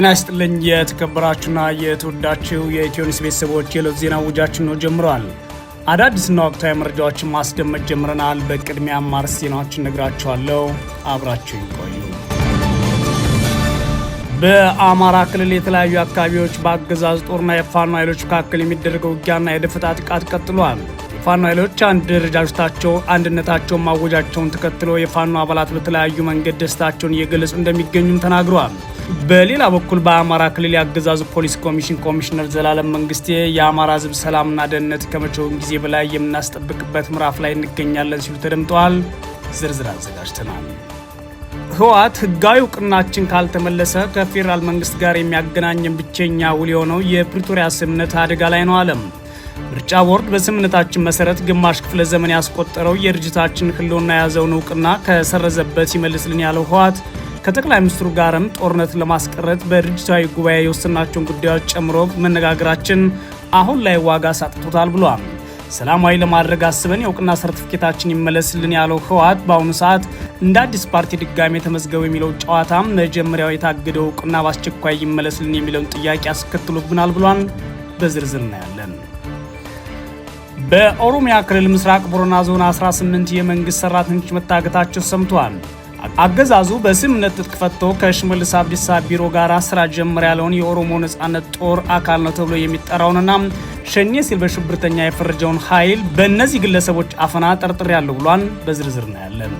ጤና ይስጥልኝ የተከበራችሁና የተወዳችው የኢትዮ ቤተሰቦች፣ የዕለቱ ዜና ውጃችን ነው ጀምረዋል። አዳዲስና ወቅታዊ መረጃዎችን ማስደመጥ ጀምረናል። በቅድሚያ አማርስ ዜናዎችን ነግራችኋለሁ፣ አብራችሁ ይቆዩ። በአማራ ክልል የተለያዩ አካባቢዎች በአገዛዝ ጦርና የፋኖ ኃይሎች መካከል የሚደረገው ውጊያና የደፈጣ ጥቃት ቀጥሏል። የፋኖ ኃይሎች አንድ አንድነታቸውን ማወጃቸውን ተከትሎ የፋኖ አባላት በተለያዩ መንገድ ደስታቸውን እየገለጹ እንደሚገኙም ተናግረዋል። በሌላ በኩል በአማራ ክልል የአገዛዙ ፖሊስ ኮሚሽን ኮሚሽነር ዘላለም መንግስቴ የአማራ ህዝብ ሰላምና ደህንነት ከመቼውም ጊዜ በላይ የምናስጠብቅበት ምዕራፍ ላይ እንገኛለን ሲሉ ተደምጠዋል። ዝርዝር አዘጋጅተናል። ህወሓት ህጋዊ እውቅናችን ካልተመለሰ ከፌዴራል መንግስት ጋር የሚያገናኘን ብቸኛ ውል የሆነው የፕሪቶሪያ ስምምነት አደጋ ላይ ነው አለም ምርጫ ቦርድ በስምምነታችን መሰረት ግማሽ ክፍለ ዘመን ያስቆጠረው የድርጅታችን ህልውና የያዘውን እውቅና ከሰረዘበት ይመልስልን ያለው ህወሓት ከጠቅላይ ሚኒስትሩ ጋርም ጦርነት ለማስቀረት በድርጅታዊ ጉባኤ የወሰናቸውን ጉዳዮች ጨምሮ መነጋገራችን አሁን ላይ ዋጋ ሳጥቶታል ብሏል። ሰላማዊ ለማድረግ አስበን የእውቅና ሰርቲፊኬታችን ይመለስልን ያለው ህወሓት በአሁኑ ሰዓት እንደ አዲስ ፓርቲ ድጋሚ የተመዝገቡ የሚለው ጨዋታም መጀመሪያው የታገደው እውቅና በአስቸኳይ ይመለስልን የሚለውን ጥያቄ ያስከትሉብናል ብሏል። በዝርዝር እናያለን። በኦሮሚያ ክልል ምስራቅ ቦረና ዞን 18 የመንግስት ሰራተኞች መታገታቸው ሰምቷል። አገዛዙ በስምምነት ትጥቅ ፈቶ ከሽመልስ አብዲሳ ቢሮ ጋር ስራ ጀምር ያለውን የኦሮሞ ነጻነት ጦር አካል ነው ተብሎ የሚጠራውንና ሸኔ ሲል በሽብርተኛ የፈረጀውን ኃይል በእነዚህ ግለሰቦች አፈና ጠርጥር ያለው ብሏን በዝርዝር እናያለን።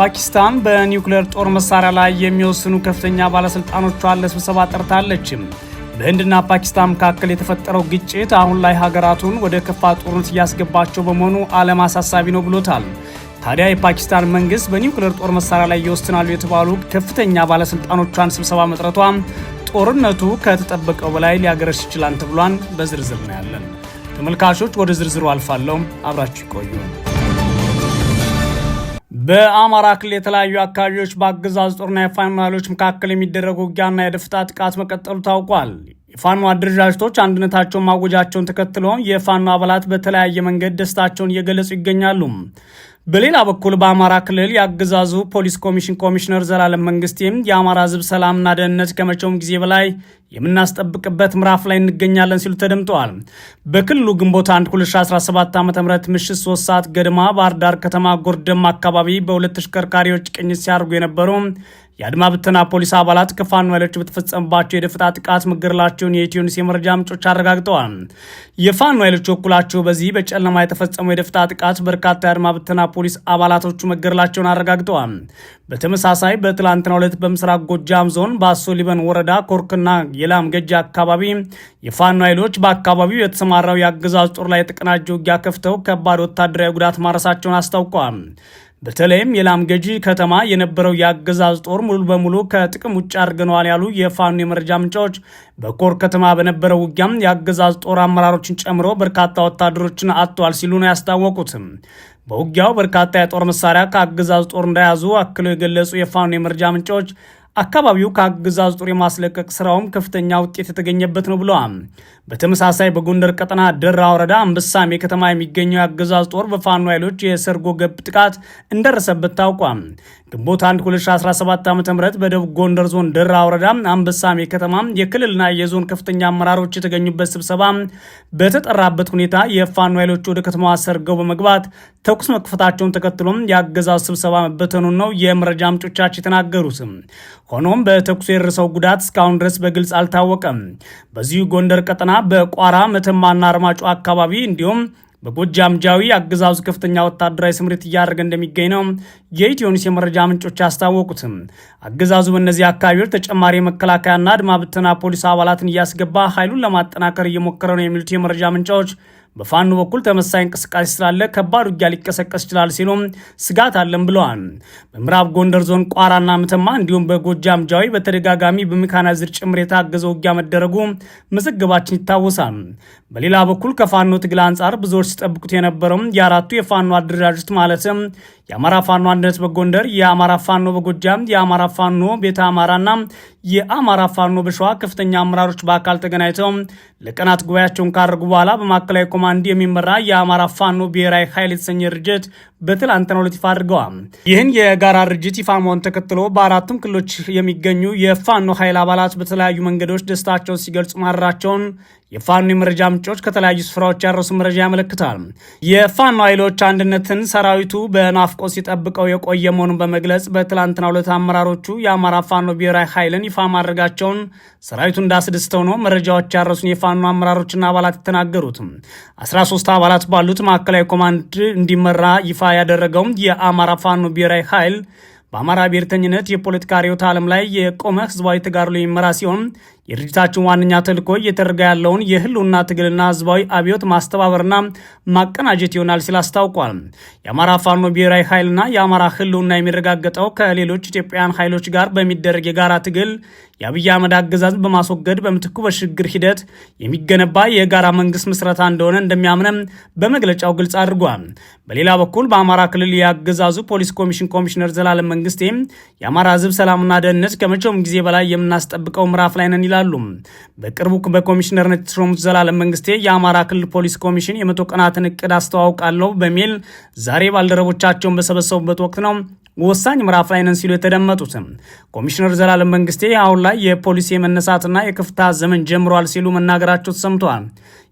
ፓኪስታን በኒውክሌር ጦር መሳሪያ ላይ የሚወስኑ ከፍተኛ ባለስልጣኖቿን ለስብሰባ ጠርታለችም። በህንድና ፓኪስታን መካከል የተፈጠረው ግጭት አሁን ላይ ሀገራቱን ወደ ከፋ ጦርነት እያስገባቸው በመሆኑ ዓለም አሳሳቢ ነው ብሎታል። ታዲያ የፓኪስታን መንግስት በኒውክሌር ጦር መሳሪያ ላይ ይወስናሉ የተባሉ ከፍተኛ ባለስልጣኖቿን ስብሰባ መጥረቷ ጦርነቱ ከተጠበቀው በላይ ሊያገረሽ ይችላል ተብሏን በዝርዝር ነው ያለን። ተመልካቾች ወደ ዝርዝሩ አልፋለሁ፣ አብራችሁ ይቆዩ። በአማራ ክልል የተለያዩ አካባቢዎች በአገዛዙ ጦርና የፋኖ ኃይሎች መካከል የሚደረጉ ውጊያና የደፈጣ ጥቃት መቀጠሉ ታውቋል። የፋኖ አደረጃጀቶች አንድነታቸውን ማወጃቸውን ተከትሎም የፋኖ አባላት በተለያየ መንገድ ደስታቸውን እየገለጹ ይገኛሉ። በሌላ በኩል በአማራ ክልል የአገዛዙ ፖሊስ ኮሚሽን ኮሚሽነር ዘላለም መንግስቴም የአማራ ህዝብ ሰላምና ደህንነት ከመቼውም ጊዜ በላይ የምናስጠብቅበት ምዕራፍ ላይ እንገኛለን ሲሉ ተደምጠዋል። በክልሉ ግንቦት 1 2017 ዓ ም ምሽት 3 ሰዓት ገድማ ባህር ዳር ከተማ ጎርደማ አካባቢ በሁለት ተሽከርካሪዎች ቅኝት ሲያደርጉ የነበሩ የአድማ ብተና ፖሊስ አባላት ከፋኖ ኃይሎች በተፈጸመባቸው የደፈጣ ጥቃት መገደላቸውን የኢትዮኒስ የመረጃ ምንጮች አረጋግጠዋል። የፋኖ ኃይሎች በኩላቸው በዚህ በጨለማ የተፈጸመው የደፈጣ ጥቃት በርካታ የአድማ ብተና ፖሊስ አባላቶቹ መገደላቸውን አረጋግጠዋል። በተመሳሳይ በትላንትና ዕለት በምስራቅ ጎጃም ዞን በአሶ ሊበን ወረዳ ኮርክና የላም ገጃ አካባቢ የፋኖ ኃይሎች በአካባቢው የተሰማራው የአገዛዝ ጦር ላይ የተቀናጀ ውጊያ ከፍተው ከባድ ወታደራዊ ጉዳት ማድረሳቸውን አስታውቀዋል። በተለይም የላም ገዢ ከተማ የነበረው የአገዛዝ ጦር ሙሉ በሙሉ ከጥቅም ውጭ አድርገነዋል ያሉ የፋኖ የመረጃ ምንጫዎች በኮር ከተማ በነበረው ውጊያም የአገዛዝ ጦር አመራሮችን ጨምሮ በርካታ ወታደሮችን አጥተዋል ሲሉ ነው ያስታወቁትም። በውጊያው በርካታ የጦር መሳሪያ ከአገዛዝ ጦር እንደያዙ አክለው የገለጹ የፋኖ የመረጃ ምንጫዎች አካባቢው ከአገዛዝ ጦር የማስለቀቅ ስራውም ከፍተኛ ውጤት የተገኘበት ነው ብለዋል። በተመሳሳይ በጎንደር ቀጠና ደራ ወረዳ አንበሳሜ ከተማ የሚገኘው የአገዛዝ ጦር በፋኖ ኃይሎች የሰርጎ ገብ ጥቃት እንደረሰበት ታውቋል። ግንቦት 1 2017 ዓ ም በደቡብ ጎንደር ዞን ደራ ወረዳ አንበሳሜ ከተማ የክልልና የዞን ከፍተኛ አመራሮች የተገኙበት ስብሰባ በተጠራበት ሁኔታ የፋኖ ኃይሎች ወደ ከተማዋ ሰርገው በመግባት ተኩስ መክፈታቸውን ተከትሎም የአገዛዝ ስብሰባ መበተኑን ነው የመረጃ ምንጮቻችን የተናገሩት። ሆኖም በተኩስ የደረሰው ጉዳት እስካሁን ድረስ በግልጽ አልታወቀም። በዚሁ ጎንደር ቀጠና በቋራ መተማና አርማጮ አካባቢ እንዲሁም በጎጃም ጃዊ አገዛዙ ከፍተኛ ወታደራዊ ስምሪት እያደረገ እንደሚገኝ ነው የኢትዮኒስ የመረጃ ምንጮች አስታወቁትም። አገዛዙ በእነዚህ አካባቢዎች ተጨማሪ የመከላከያና አድማ ብተና ፖሊስ አባላትን እያስገባ ኃይሉን ለማጠናከር እየሞከረ ነው የሚሉት የመረጃ ምንጫዎች በፋኖ በኩል ተመሳይ እንቅስቃሴ ስላለ ከባድ ውጊያ ሊቀሰቀስ ይችላል ሲሉም ስጋት አለን ብለዋል። በምዕራብ ጎንደር ዞን ቋራና ምተማ እንዲሁም በጎጃም ጃዊ በተደጋጋሚ በሜካናይዝድ ጭምር የታገዘ ውጊያ መደረጉ መዘገባችን ይታወሳል። በሌላ በኩል ከፋኖ ትግል አንጻር ብዙዎች ሲጠብቁት የነበረውም የአራቱ የፋኖ አደረጃጀት ማለትም የአማራ ፋኖ አንድነት በጎንደር፣ የአማራ ፋኖ በጎጃም፣ የአማራ ፋኖ ቤተ አማራና የአማራ ፋኖ በሸዋ ከፍተኛ አመራሮች በአካል ተገናኝተው ለቀናት ጉባኤያቸውን ካደረጉ በኋላ በማዕከላዊ ኮማንድ የሚመራ የአማራ ፋኖ ብሔራዊ ኃይል የተሰኘ ድርጅት በትላንትናው ዕለት ይፋ አድርገዋል። ይህን የጋራ ድርጅት ይፋ መሆን ተከትሎ በአራቱም ክልሎች የሚገኙ የፋኖ ኃይል አባላት በተለያዩ መንገዶች ደስታቸውን ሲገልጹ ማድራቸውን የፋኖ የመረጃ ምንጮች ከተለያዩ ስፍራዎች ያረሱ መረጃ ያመለክታል። የፋኖ ኃይሎች አንድነትን ሰራዊቱ በናፍቆ ሲጠብቀው የቆየ መሆኑን በመግለጽ በትላንትናው ዕለት አመራሮቹ የአማራ ፋኖ ብሔራዊ ኃይልን ይፋ ማድረጋቸውን ሰራዊቱ እንዳስደስተው ነው መረጃዎች ያረሱን የፋኖ አመራሮችና አባላት የተናገሩት። 13 አባላት ባሉት ማዕከላዊ ኮማንድ እንዲመራ ይፋ ያደረገው የአማራ ፋኖ ብሔራዊ ኃይል በአማራ ብሔርተኝነት የፖለቲካ ርዕዮተ ዓለም ላይ የቆመ ህዝባዊ ተጋድሎ የሚመራ ሲሆን የድርጅታችን ዋነኛ ተልኮ እየተደረገ ያለውን የህልውና ትግልና ህዝባዊ አብዮት ማስተባበርና ማቀናጀት ይሆናል ሲል አስታውቋል። የአማራ ፋኖ ብሔራዊ ኃይልና የአማራ ህልውና የሚረጋገጠው ከሌሎች ኢትዮጵያውያን ኃይሎች ጋር በሚደረግ የጋራ ትግል የአብይ አህመድ አገዛዝ በማስወገድ በምትኩ በሽግግር ሂደት የሚገነባ የጋራ መንግስት ምስረታ እንደሆነ እንደሚያምንም በመግለጫው ግልጽ አድርጓል። በሌላ በኩል በአማራ ክልል የአገዛዙ ፖሊስ ኮሚሽን ኮሚሽነር ዘላለም መንግስቴ የአማራ ህዝብ ሰላምና ደህንነት ከመቼውም ጊዜ በላይ የምናስጠብቀው ምዕራፍ ላይ ነን ይላሉ። በቅርቡ በኮሚሽነርነት የተሾሙት ዘላለም መንግስቴ የአማራ ክልል ፖሊስ ኮሚሽን የመቶ ቀናትን እቅድ አስተዋውቃለሁ በሚል ዛሬ ባልደረቦቻቸውን በሰበሰቡበት ወቅት ነው ወሳኝ ምዕራፍ ላይ ነን ሲሉ የተደመጡት ኮሚሽነር ዘላለም መንግስቴ አሁን ላይ የፖሊስ የመነሳትና የክፍታ ዘመን ጀምሯል ሲሉ መናገራቸው ተሰምተዋል።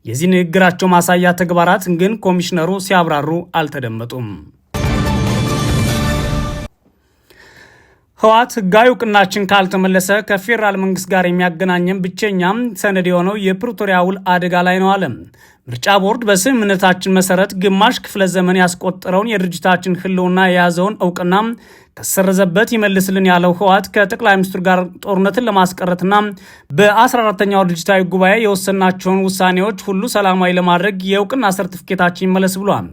የዚህ ንግግራቸው ማሳያ ተግባራት ግን ኮሚሽነሩ ሲያብራሩ አልተደመጡም። ህወሓት ህጋዊ እውቅናችን ካልተመለሰ ከፌዴራል መንግስት ጋር የሚያገናኘን ብቸኛም ሰነድ የሆነው የፕሪቶሪያ ውል አደጋ ላይ ነው አለ። ምርጫ ቦርድ በስምምነታችን መሰረት ግማሽ ክፍለ ዘመን ያስቆጠረውን የድርጅታችን ህልውና የያዘውን እውቅና ከሰረዘበት ይመልስልን ያለው ህወሓት ከጠቅላይ ሚኒስትሩ ጋር ጦርነትን ለማስቀረትና በ14ተኛው ድርጅታዊ ጉባኤ የወሰናቸውን ውሳኔዎች ሁሉ ሰላማዊ ለማድረግ የእውቅና ሰርቲፊኬታችን ይመለስ ብሏል።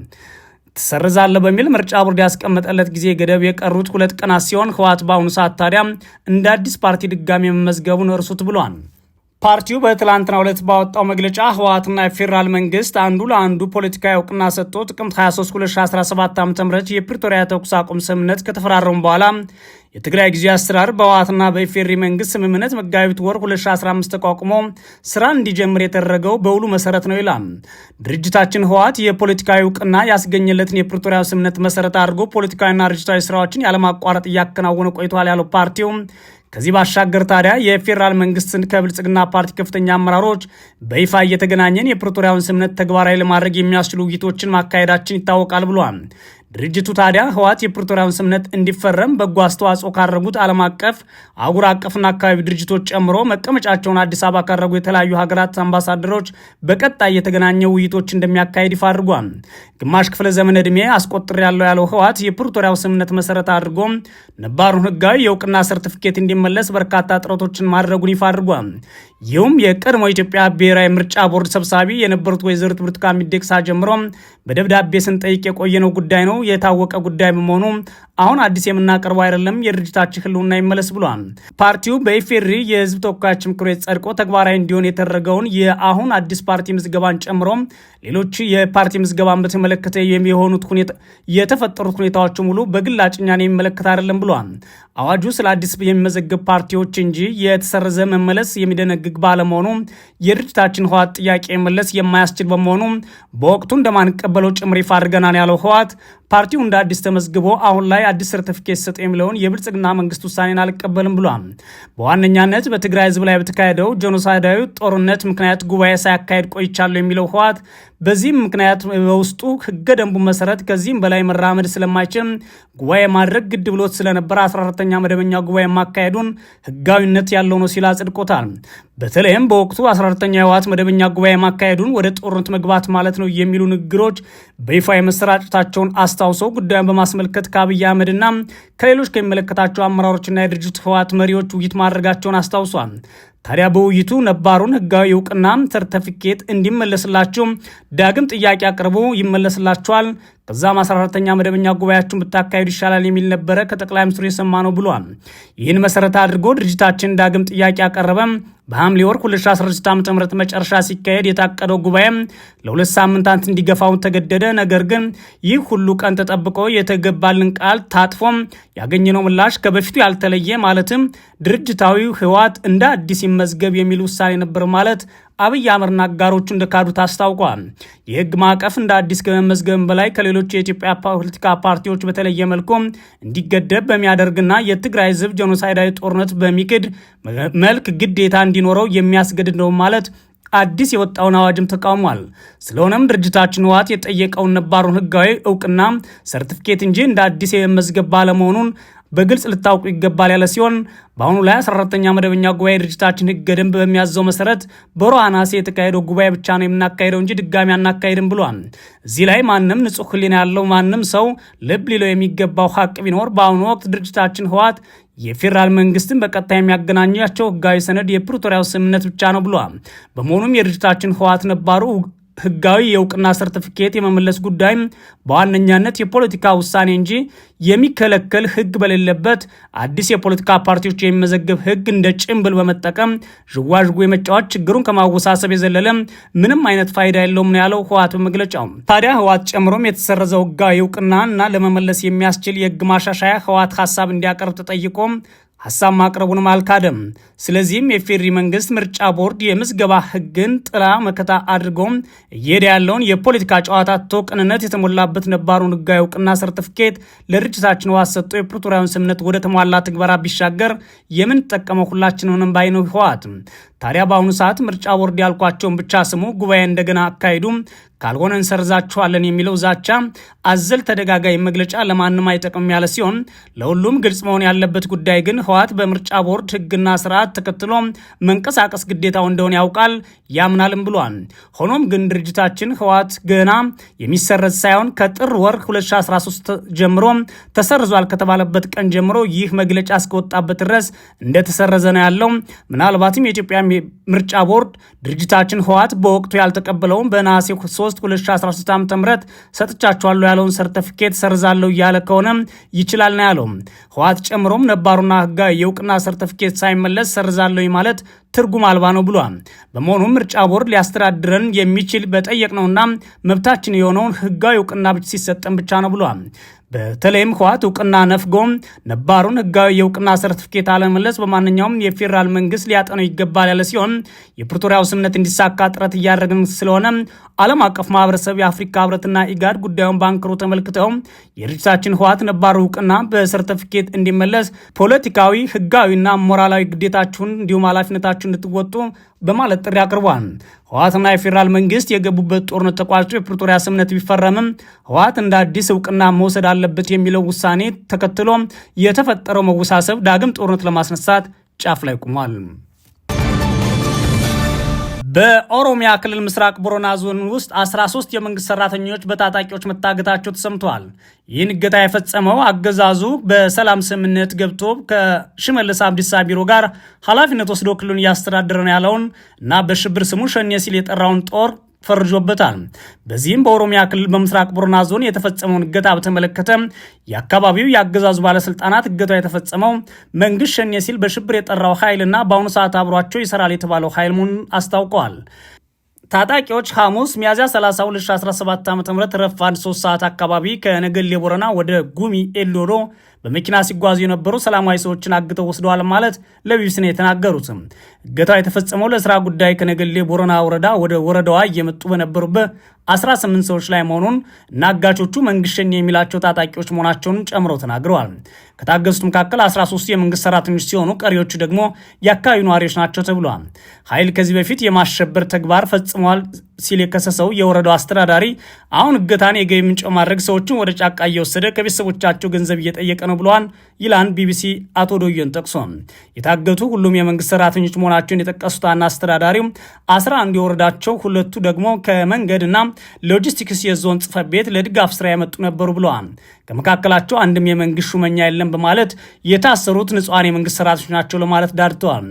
ትሰርዛለህ በሚል ምርጫ ቦርድ ያስቀመጠለት ጊዜ ገደብ የቀሩት ሁለት ቀናት ሲሆን ህወሓት በአሁኑ ሰዓት ታዲያ እንደ አዲስ ፓርቲ ድጋሚ መመዝገቡን እርሱት ብሏል። ፓርቲው በትላንትናው ዕለት ባወጣው መግለጫ ህወሓትና የፌዴራል መንግስት አንዱ ለአንዱ ፖለቲካዊ እውቅና ሰጥቶ ጥቅምት 23 2017 ዓ ም የፕሪቶሪያ ተኩስ አቁም ስምምነት ከተፈራረሙ በኋላ የትግራይ ጊዜ አሰራር በህወሓትና በኢፌሪ መንግስት ስምምነት መጋቢት ወር 2015 ተቋቁሞ ስራ እንዲጀምር የተደረገው በውሉ መሰረት ነው ይላል ድርጅታችን። ህወሓት የፖለቲካዊ እውቅና ያስገኘለትን የፕሪቶሪያ ስምምነት መሰረት አድርጎ ፖለቲካዊና ድርጅታዊ ስራዎችን ያለማቋረጥ እያከናወነ ቆይቷል ያለው ፓርቲው ከዚህ ባሻገር ታዲያ የፌዴራል መንግስትን ከብልጽግና ፓርቲ ከፍተኛ አመራሮች በይፋ እየተገናኘን የፕሪቶሪያውን ስምነት ተግባራዊ ለማድረግ የሚያስችሉ ውይይቶችን ማካሄዳችን ይታወቃል ብሏል። ድርጅቱ ታዲያ ህወሓት የፕሪቶሪያውን ስምነት እንዲፈረም በጎ አስተዋጽኦ ካረጉት ዓለም አቀፍ አህጉር አቀፍና አካባቢ ድርጅቶች ጨምሮ መቀመጫቸውን አዲስ አበባ ካረጉ የተለያዩ ሀገራት አምባሳደሮች በቀጣይ የተገናኘ ውይይቶች እንደሚያካሄድ ይፋ አድርጓል። ግማሽ ክፍለ ዘመን ዕድሜ አስቆጥር ያለው ያለው ህወሓት የፕሪቶሪያው ስምነት መሰረት አድርጎ ነባሩን ህጋዊ የእውቅና ሰርቲፊኬት እንዲመለስ በርካታ ጥረቶችን ማድረጉን ይፋ አድርጓል። ይህም የቀድሞ ኢትዮጵያ ብሔራዊ ምርጫ ቦርድ ሰብሳቢ የነበሩት ወይዘሪት ብርቱካን ሚደቅሳ ጀምሮ በደብዳቤ ስንጠይቅ የቆየነው ጉዳይ ነው። የታወቀ ጉዳይ በመሆኑ አሁን አዲስ የምናቀርበው አይደለም። የድርጅታችን ህልውና ይመለስ ብሏል። ፓርቲው በኢፌሪ የህዝብ ተወካዮች ምክር ቤት ጸድቆ ተግባራዊ እንዲሆን የተደረገውን የአሁን አዲስ ፓርቲ ምዝገባን ጨምሮ ሌሎች የፓርቲ ምዝገባን በተመለከተ የሚሆኑት የተፈጠሩት ሁኔታዎች ሙሉ በግላጭ እኛን የሚመለከት አይደለም ብሏል። አዋጁ ስለ አዲስ የሚመዘግብ ፓርቲዎች እንጂ የተሰረዘ መመለስ የሚደነግ የሚያስደነግግ ባለመሆኑ የድርጅታችን ህወሓት ጥያቄ መለስ የማያስችል በመሆኑ በወቅቱ እንደማንቀበለው ጭምር ይፋ አድርገናል ያለው ህወሓት ፓርቲው እንደ አዲስ ተመዝግቦ አሁን ላይ አዲስ ሰርተፊኬት ሰጥ የሚለውን የብልጽግና መንግስት ውሳኔን አልቀበልም ብሏል። በዋነኛነት በትግራይ ህዝብ ላይ በተካሄደው ጀኖሳይዳዊ ጦርነት ምክንያት ጉባኤ ሳያካሄድ ቆይቻለሁ የሚለው ህወሓት በዚህም ምክንያት በውስጡ ህገ ደንቡ መሰረት ከዚህም በላይ መራመድ ስለማይችል ጉባኤ ማድረግ ግድ ብሎት ስለነበረ 14ተኛ መደበኛ ጉባኤ ማካሄዱን ህጋዊነት ያለው ነው ሲል አጽድቆታል። በተለይም በወቅቱ 14ተኛ የህወሓት መደበኛ ጉባኤ ማካሄዱን ወደ ጦርነት መግባት ማለት ነው የሚሉ ንግግሮች በይፋ የመሰራጨታቸውን አስ አስታውሶ ጉዳዩን በማስመልከት ከአብይ አህመድና ከሌሎች ከሚመለከታቸው አመራሮችና የድርጅቱ ህወሓት መሪዎች ውይይት ማድረጋቸውን አስታውሷል። ታዲያ በውይይቱ ነባሩን ህጋዊ እውቅና ሰርተፊኬት እንዲመለስላችሁ ዳግም ጥያቄ አቅርቦ ይመለስላችኋል፣ ከዛም 14ተኛ መደበኛ ጉባኤያችሁን ብታካሄዱ ይሻላል የሚል ነበረ ከጠቅላይ ሚኒስትሩ የሰማ ነው ብሏል። ይህን መሰረት አድርጎ ድርጅታችን ዳግም ጥያቄ አቀረበ። በሐምሌ ወር 2016 ዓ ም መጨረሻ ሲካሄድ የታቀደው ጉባኤም ለሁለት ሳምንታት እንዲገፋውን ተገደደ። ነገር ግን ይህ ሁሉ ቀን ተጠብቆ የተገባልን ቃል ታጥፎም ያገኘነው ምላሽ ከበፊቱ ያልተለየ ማለትም ድርጅታዊ ህወሓት እንደ አዲስ ይመዝገብ የሚል ውሳኔ ነበር ማለት አብይ አህመድና አጋሮቹ እንደካዱት አስታውቋል። የህግ ማዕቀፍ እንደ አዲስ ከመመዝገብም በላይ ከሌሎች የኢትዮጵያ ፖለቲካ ፓርቲዎች በተለየ መልኩ እንዲገደብ በሚያደርግና የትግራይ ህዝብ ጄኖሳይዳዊ ጦርነት በሚክድ መልክ ግዴታ እንዲኖረው የሚያስገድድ ነው ማለት አዲስ የወጣውን አዋጅም ተቃውሟል። ስለሆነም ድርጅታችን ህወሓት የጠየቀውን ነባሩን ህጋዊ እውቅና ሰርቲፊኬት እንጂ እንደ አዲስ የመዝገብ ባለመሆኑን በግልጽ ልታውቁ ይገባል ያለ ሲሆን በአሁኑ ላይ 14ተኛ መደበኛ ጉባኤ ድርጅታችን ህገ ደንብ በሚያዘው መሰረት በሮሃናሴ የተካሄደው ጉባኤ ብቻ ነው የምናካሄደው እንጂ ድጋሚ አናካሄድም ብሏል። እዚህ ላይ ማንም ንጹህ ህሊና ያለው ማንም ሰው ልብ ሊለው የሚገባው ሀቅ ቢኖር በአሁኑ ወቅት ድርጅታችን ህወሓት የፌዴራል መንግስትን በቀጥታ የሚያገናኛቸው ህጋዊ ሰነድ የፕሪቶሪያው ስምምነት ብቻ ነው ብሏል። በመሆኑም የድርጅታችን ህወሓት ነባሩ ህጋዊ የእውቅና ሰርቲፊኬት የመመለስ ጉዳይም በዋነኛነት የፖለቲካ ውሳኔ እንጂ የሚከለከል ህግ በሌለበት አዲስ የፖለቲካ ፓርቲዎች የሚመዘግብ ህግ እንደ ጭንብል በመጠቀም ዥዋዥጉ የመጫወት ችግሩን ከማወሳሰብ የዘለለ ምንም አይነት ፋይዳ የለውም ነው ያለው ህወሓት በመግለጫው። ታዲያ ህወሓት ጨምሮም የተሰረዘው ህጋዊ እውቅና እና ለመመለስ የሚያስችል የህግ ማሻሻያ ህወሓት ሀሳብ እንዲያቀርብ ተጠይቆም ሀሳብ ማቅረቡንም አልካደም። ስለዚህም የፌሪ መንግስት ምርጫ ቦርድ የምዝገባ ህግን ጥላ መከታ አድርጎም እየሄደ ያለውን የፖለቲካ ጨዋታ ቶ ቅንነት የተሞላበት ነባሩን ህጋዊ እውቅና ሰርቲፊኬት ለድርጅታችን ዋስ ሰጥቶ የፕሪቶሪያውን ስምምነት ወደ ተሟላ ትግበራ ቢሻገር የምንጠቀመው ሁላችንንም ባይ ነው ህወሓት። ታዲያ በአሁኑ ሰዓት ምርጫ ቦርድ ያልኳቸውን ብቻ ስሙ ጉባኤ እንደገና አካሂዱ ካልሆነ እንሰርዛችኋለን የሚለው ዛቻ አዘል ተደጋጋይ መግለጫ ለማንም አይጠቅም ያለ ሲሆን ለሁሉም ግልጽ መሆን ያለበት ጉዳይ ግን ህወሓት በምርጫ ቦርድ ህግና ስርዓት ተከትሎ መንቀሳቀስ ግዴታው እንደሆነ ያውቃል ያምናልም ብሏል። ሆኖም ግን ድርጅታችን ህወሓት ገና የሚሰረዝ ሳይሆን ከጥር ወር 2013 ጀምሮ ተሰርዟል ከተባለበት ቀን ጀምሮ ይህ መግለጫ እስከወጣበት ድረስ እንደተሰረዘ ነው ያለው። ምናልባትም የኢትዮጵያ ምርጫ ቦርድ ድርጅታችን ህወሓት በወቅቱ ያልተቀበለውን በነሐሴ 13 2013 ዓ ም ሰጥቻችኋለሁ ያለውን ሰርተፊኬት ሰርዛለሁ እያለ ከሆነ ይችላል ነው ያለው። ህወሓት ጨምሮም ነባሩና ህጋዊ የእውቅና ሰርተፊኬት ሳይመለስ ሰርዛለሁ ማለት ትርጉም አልባ ነው ብሏል። በመሆኑም ምርጫ ቦርድ ሊያስተዳድረን የሚችል በጠየቅነውና መብታችን የሆነውን ህጋዊ እውቅና ሲሰጠን ብቻ ነው ብሏል። በተለይም ህወሓት እውቅና ነፍጎም ነባሩን ህጋዊ የእውቅና ሰርቲፊኬት አለመለስ በማንኛውም የፌዴራል መንግስት ሊያጠነው ይገባል ያለ ሲሆን የፕሪቶሪያው ስምምነት እንዲሳካ ጥረት እያደረግን ስለሆነ ዓለም አቀፍ ማህበረሰብ፣ የአፍሪካ ህብረትና ኢጋድ ጉዳዩን በአንክሮ ተመልክተው የድርጅታችን ህወሓት ነባሩ እውቅና በሰርቲፊኬት እንዲመለስ ፖለቲካዊ፣ ህጋዊና ሞራላዊ ግዴታችሁን እንዲሁም ኃላፊነታችሁ ድርሻችሁ እንድትወጡ በማለት ጥሪ አቅርቧል። ህወሓትና የፌዴራል መንግስት የገቡበት ጦርነት ተቋጭቶ የፕሪቶሪያ ስምምነት ቢፈረምም ህወሓት እንደ አዲስ እውቅና መውሰድ አለበት የሚለው ውሳኔ ተከትሎ የተፈጠረው መወሳሰብ ዳግም ጦርነት ለማስነሳት ጫፍ ላይ ቆሟል። በኦሮሚያ ክልል ምስራቅ ቦረና ዞን ውስጥ 13 የመንግስት ሰራተኞች በታጣቂዎች መታገታቸው ተሰምተዋል። ይህን እገታ የፈጸመው አገዛዙ በሰላም ስምምነት ገብቶ ከሽመልስ አብዲሳ ቢሮ ጋር ኃላፊነት ወስዶ ክልሉን እያስተዳደረ ነው ያለውን እና በሽብር ስሙ ሸኔ ሲል የጠራውን ጦር ፈርጆበታል። በዚህም በኦሮሚያ ክልል በምስራቅ ቦረና ዞን የተፈጸመውን እገታ በተመለከተ የአካባቢው የአገዛዙ ባለስልጣናት እገታው የተፈጸመው መንግስት ሸኔ ሲል በሽብር የጠራው ኃይልና በአሁኑ ሰዓት አብሯቸው ይሰራል የተባለው ኃይል መሆኑን አስታውቀዋል። ታጣቂዎች ሐሙስ ሚያዝያ 30 2017 ዓ ም ረፋድ 3 ሰዓት አካባቢ ከነገሌ ቦረና ወደ ጉሚ ኤሎሎ በመኪና ሲጓዙ የነበሩ ሰላማዊ ሰዎችን አግተው ወስደዋል ማለት ለቢቢሲ ነው የተናገሩት። እገታው የተፈጸመው ለስራ ጉዳይ ከነገሌ ቦረና ወረዳ ወደ ወረዳዋ እየመጡ በነበሩበት 18 ሰዎች ላይ መሆኑን እና አጋቾቹ መንግሸን የሚላቸው ታጣቂዎች መሆናቸውን ጨምሮ ተናግረዋል። ከታገዙት መካከል 13 የመንግስት ሰራተኞች ሲሆኑ ቀሪዎቹ ደግሞ የአካባቢ ነዋሪዎች ናቸው ተብሏል። ኃይል ከዚህ በፊት የማሸበር ተግባር ፈጽመዋል ሲል የከሰሰው የወረዳው አስተዳዳሪ አሁን እገታን የገቢ ምንጭ ማድረግ ሰዎችን ወደ ጫካ እየወሰደ ከቤተሰቦቻቸው ገንዘብ እየጠየቀ ነው ብለዋል ይላን ቢቢሲ አቶ ዶዮን ጠቅሶ። የታገቱ ሁሉም የመንግስት ሰራተኞች መሆናቸውን የጠቀሱት አስተዳዳሪው አስራ አንዱ የወረዳቸው ሁለቱ ደግሞ ከመንገድና ሎጂስቲክስ የዞን ጽፈት ቤት ለድጋፍ ስራ የመጡ ነበሩ ብለዋል። ከመካከላቸው አንድም የመንግስት ሹመኛ የለም በማለት የታሰሩት ንጹሐን የመንግስት ሰራተኞች ናቸው ለማለት ዳርተዋል።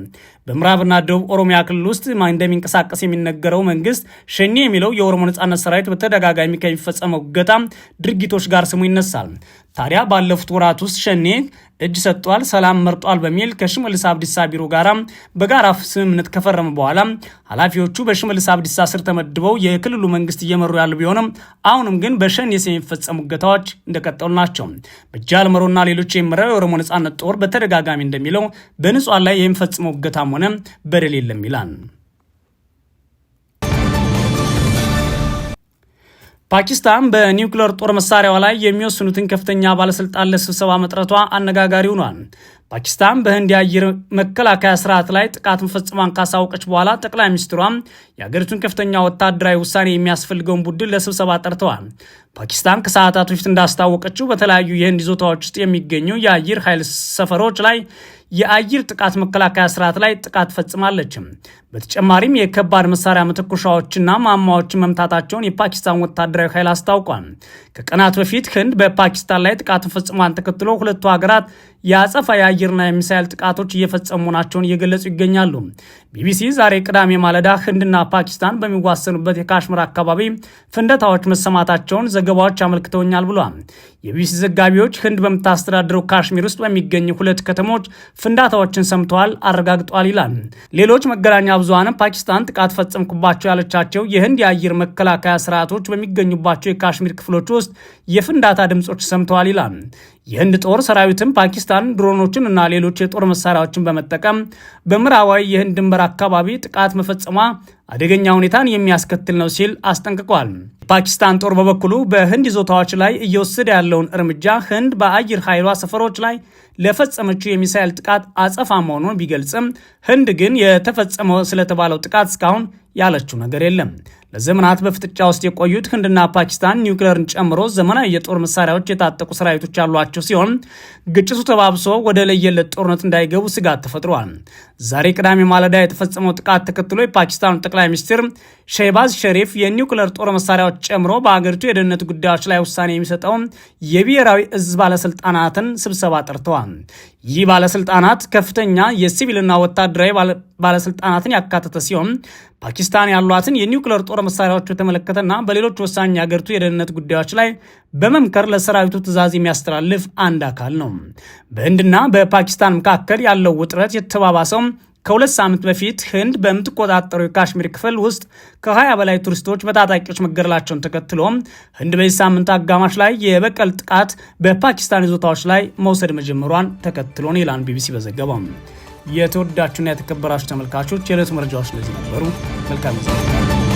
በምዕራብና ደቡብ ኦሮሚያ ክልል ውስጥ እንደሚንቀሳቀስ የሚነገረው መንግስት ሸኒ የሚለው የኦሮሞ ነጻነት ሰራዊት በተደጋጋሚ ከሚፈጸመው እገታ ድርጊቶች ጋር ስሙ ይነሳል። ታዲያ ባለፉት ወራት ውስጥ ሸኔ እጅ ሰጥቷል፣ ሰላም መርጧል በሚል ከሽመልስ አብዲሳ ቢሮ ጋር በጋራ ስምምነት ከፈረመ በኋላ ኃላፊዎቹ በሽመልስ አብዲሳ ስር ተመድበው የክልሉ መንግስት እየመሩ ያሉ ቢሆንም አሁንም ግን በሸኔ ስም የሚፈጸሙ እገታዎች እንደቀጠሉ ናቸው። በጃል መሮና ሌሎች የሚመራው የኦሮሞ ነጻነት ጦር በተደጋጋሚ እንደሚለው በንጹሐን ላይ የሚፈጽመው እገታም ሆነ በደል የለም ይላል። ፓኪስታን በኒውክሌር ጦር መሳሪያዋ ላይ የሚወስኑትን ከፍተኛ ባለስልጣን ለስብሰባ መጥረቷ አነጋጋሪ ሆኗል። ፓኪስታን በህንድ የአየር መከላከያ ስርዓት ላይ ጥቃት መፈጸሟን ካሳወቀች በኋላ ጠቅላይ ሚኒስትሯ የአገሪቱን ከፍተኛ ወታደራዊ ውሳኔ የሚያስፈልገውን ቡድን ለስብሰባ ጠርተዋል። ፓኪስታን ከሰዓታት በፊት እንዳስታወቀችው በተለያዩ የህንድ ይዞታዎች ውስጥ የሚገኙ የአየር ኃይል ሰፈሮች ላይ የአየር ጥቃት መከላከያ ስርዓት ላይ ጥቃት ፈጽማለች። በተጨማሪም የከባድ መሳሪያ መተኮሻዎችና ማማዎችን መምታታቸውን የፓኪስታን ወታደራዊ ኃይል አስታውቋል። ከቀናት በፊት ህንድ በፓኪስታን ላይ ጥቃት ፈጽሟን ተከትሎ ሁለቱ ሀገራት የአጸፋ የአየርና የሚሳይል ጥቃቶች እየፈጸሙ ናቸውን እየገለጹ ይገኛሉ። ቢቢሲ ዛሬ ቅዳሜ ማለዳ ህንድና ፓኪስታን በሚዋሰኑበት የካሽምር አካባቢ ፍንደታዎች መሰማታቸውን ዘገባዎች አመልክተውኛል ብሏል። የቢቢሲ ዘጋቢዎች ህንድ በምታስተዳድረው ካሽሚር ውስጥ በሚገኙ ሁለት ከተሞች ፍንዳታዎችን ሰምተዋል፣ አረጋግጧል ይላል። ሌሎች መገናኛ ብዙሃንም ፓኪስታን ጥቃት ፈጸምኩባቸው ያለቻቸው የህንድ የአየር መከላከያ ስርዓቶች በሚገኙባቸው የካሽሚር ክፍሎች ውስጥ የፍንዳታ ድምፆች ሰምተዋል ይላል። የህንድ ጦር ሰራዊትም ፓኪስታን ድሮኖችን እና ሌሎች የጦር መሳሪያዎችን በመጠቀም በምዕራባዊ የህንድ ድንበር አካባቢ ጥቃት መፈጸሟ አደገኛ ሁኔታን የሚያስከትል ነው ሲል አስጠንቅቋል። ፓኪስታን ጦር በበኩሉ በህንድ ይዞታዎች ላይ እየወሰደ ያለው ያለውን እርምጃ ህንድ በአየር ኃይሏ ሰፈሮች ላይ ለፈጸመችው የሚሳይል ጥቃት አጸፋ መሆኑን ቢገልጽም ህንድ ግን የተፈጸመ ስለተባለው ጥቃት እስካሁን ያለችው ነገር የለም። ለዘመናት በፍጥጫ ውስጥ የቆዩት ህንድና ፓኪስታን ኒውክሌርን ጨምሮ ዘመናዊ የጦር መሳሪያዎች የታጠቁ ሰራዊቶች ያሏቸው ሲሆን ግጭቱ ተባብሶ ወደ ለየለት ጦርነት እንዳይገቡ ስጋት ተፈጥሯል። ዛሬ ቅዳሜ ማለዳ የተፈጸመው ጥቃት ተከትሎ የፓኪስታኑ ጠቅላይ ሚኒስትር ሼባዝ ሸሪፍ የኒውክሌር ጦር መሳሪያዎች ጨምሮ በአገሪቱ የደህንነት ጉዳዮች ላይ ውሳኔ የሚሰጠው የብሔራዊ እዝ ባለስልጣናትን ስብሰባ ጠርተዋል። ይህ ባለስልጣናት ከፍተኛ የሲቪልና ወታደራዊ ባለስልጣናትን ያካተተ ሲሆን ፓኪስታን ያሏትን የኒውክሌር ጦር መሳሪያዎች በተመለከተና በሌሎች ወሳኝ የሀገሪቱ የደህንነት ጉዳዮች ላይ በመምከር ለሰራዊቱ ትዕዛዝ የሚያስተላልፍ አንድ አካል ነው። በህንድና በፓኪስታን መካከል ያለው ውጥረት የተባባሰው ከሁለት ሳምንት በፊት ህንድ በምትቆጣጠረው የካሽሚር ክፍል ውስጥ ከ20 በላይ ቱሪስቶች በታጣቂዎች መገደላቸውን ተከትሎም ህንድ በዚህ ሳምንት አጋማሽ ላይ የበቀል ጥቃት በፓኪስታን ይዞታዎች ላይ መውሰድ መጀመሯን ተከትሎን ይላል ቢቢሲ በዘገባው። የተወዳችሁና የተከበራችሁ ተመልካቾች የዕለቱ መረጃዎች እነዚህ ነበሩ። መልካም ዜና።